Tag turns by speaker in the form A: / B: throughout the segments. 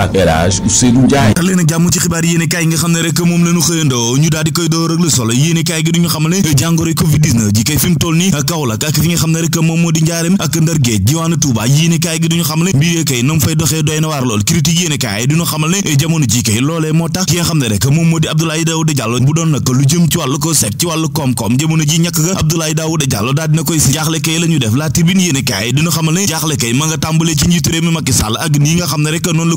A: ak El Hadj Ousseynou Ndiaye tax leen ak jàmm ci xibaar yéene kaay kay moom moo di Njaareem ak Ndar Géej diwaanu Touba yéene kaay kay nam fay doxee doy yéene kay loolee ñu xamal ne jaaxle kay ma nga tàmbalee ci njiitu réew mi ak nii nga xam ne rek noonu la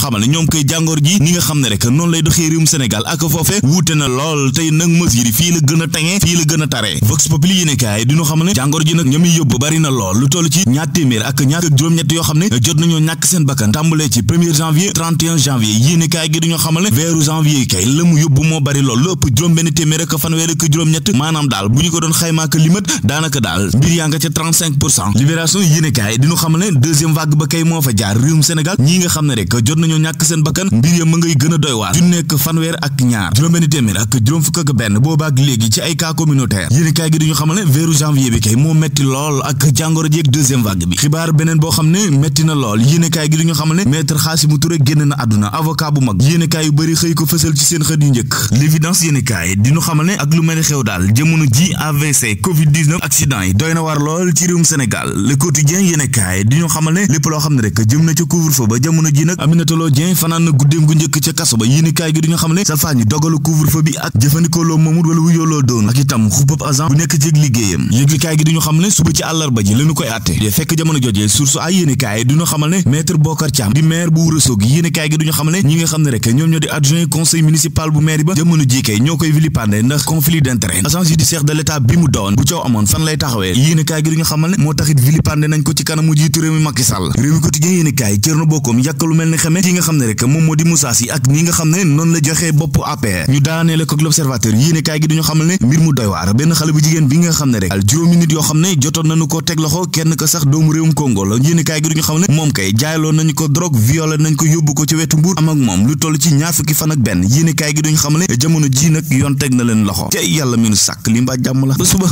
A: xamal ne ñoom koy jàngoor ji ni nga xam ne rek noonu lay doxee réewum Sénégal ak foofe wuute na lool tey nag mesures fii la gën a tengee fii la gën a taree vox populi yéene kaay diñu xamal ne weeru ba kay moo fa jaar réewum Sénégal ñi nga xam ne rek jot jot nañoo ñàkk seen bakkan mbir ya ma ngay gën a doy waar ju nekk fanweer ak ñaar juróom-benn téeméer ak juróom fukk ak benn boobaak léegi ci ay cas communautaire yéen kaay gi duñu xamal ne weeru janvier bi kay génn na àdduna avocat bu mag yéen kaay yu bëri xëy ko fësal ci seen xët yu njëkk l'évidence yéen kaay diñu xamal ne ak lu mel xew daal jamono ji AVC covid 19 accident yi doy na war lool ci réewum Sénégal lépp loo xam ne rek jëm na ci couvre Aminata Lo Dieng fanaan na guddeem gu njëkk ca kaso ba yéenekaay gi duñu xam ne salfaañi dogalu couvre-feu bi ak jëfandikoo loo moomul wala wuyoo loo doon ak itam xuppab agent bu nekk ci liggéeyam yéenekaay gi duñu xam ne suba ci àllarba ji lañu koy àtte fekk jamono jojee source ay yéenekaay duñu xamal ne maître Bokar Thiam xam ne ñi nga xam ne rek ñoom ñoo di adjoint conseil municipal bu maire ba jamono ji kay ñoo koy vilipande ndax conflit d'intérêt agent judiciaire de l'État bi mu doon lay taxawee yéenekaay gi duñu xamal ne moo taxit ko ci kanamu jiitu réew mi Macky Sall réew mi quotidien yéenekaay ne ki moom moo di Moussa Sy ak ñi nga xam ne noonu la joxee bopp APR ñu daanee la ko l'observateur yéene kaay gi duñu xamal ne mbir mu doy waar benn xale bu jigéen bi nga xam ne rek al juróomi nit yoo xam ne jotoon nañu ko teg loxo kenn ko sax doomu réewum Congo la yéene kaay gi duñu xamal ne moom kay jaayloon nañu ko drogue violé nañ ko yóbbu ko ci wetu mbuur am ak moom lu toll ci ñaar fan ak benn yéene gi duñu xamal ne jamono ji nag yoon teg na la ba suba